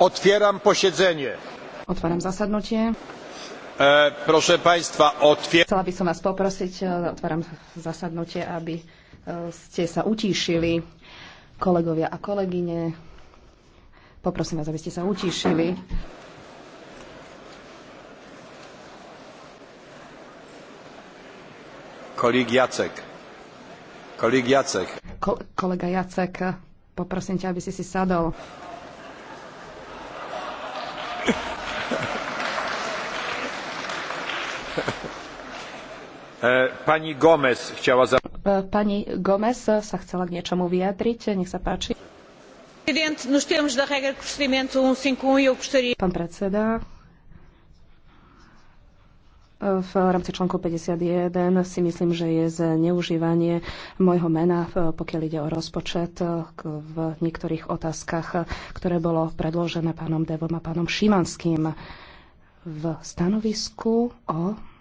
Otwieram posiedzenie. Otváram zasadnutie. E, proszę Państwa, otwieram Chcela by som vás poprosiť, e, otváram zasadnutie, aby e, ste sa utíšili, kolegovia a kolegyne. Poprosím vás, aby ste sa utíšili. Kolik Jacek. Kolik Jacek. Ko- kolega Jacek, poprosím ťa, aby si si sadol. E, pani Gomez chciała za... E, pani Gomez sa chcela k niečomu vyjadriť. Nech sa páči. Um um e Pán predseda, v rámci článku 51 si myslím, že je zneužívanie môjho mena, eh, pokiaľ ide o rozpočet eh, v niektorých otázkach, eh, ktoré bolo predložené pánom Devom a pánom Šimanským v stanovisku o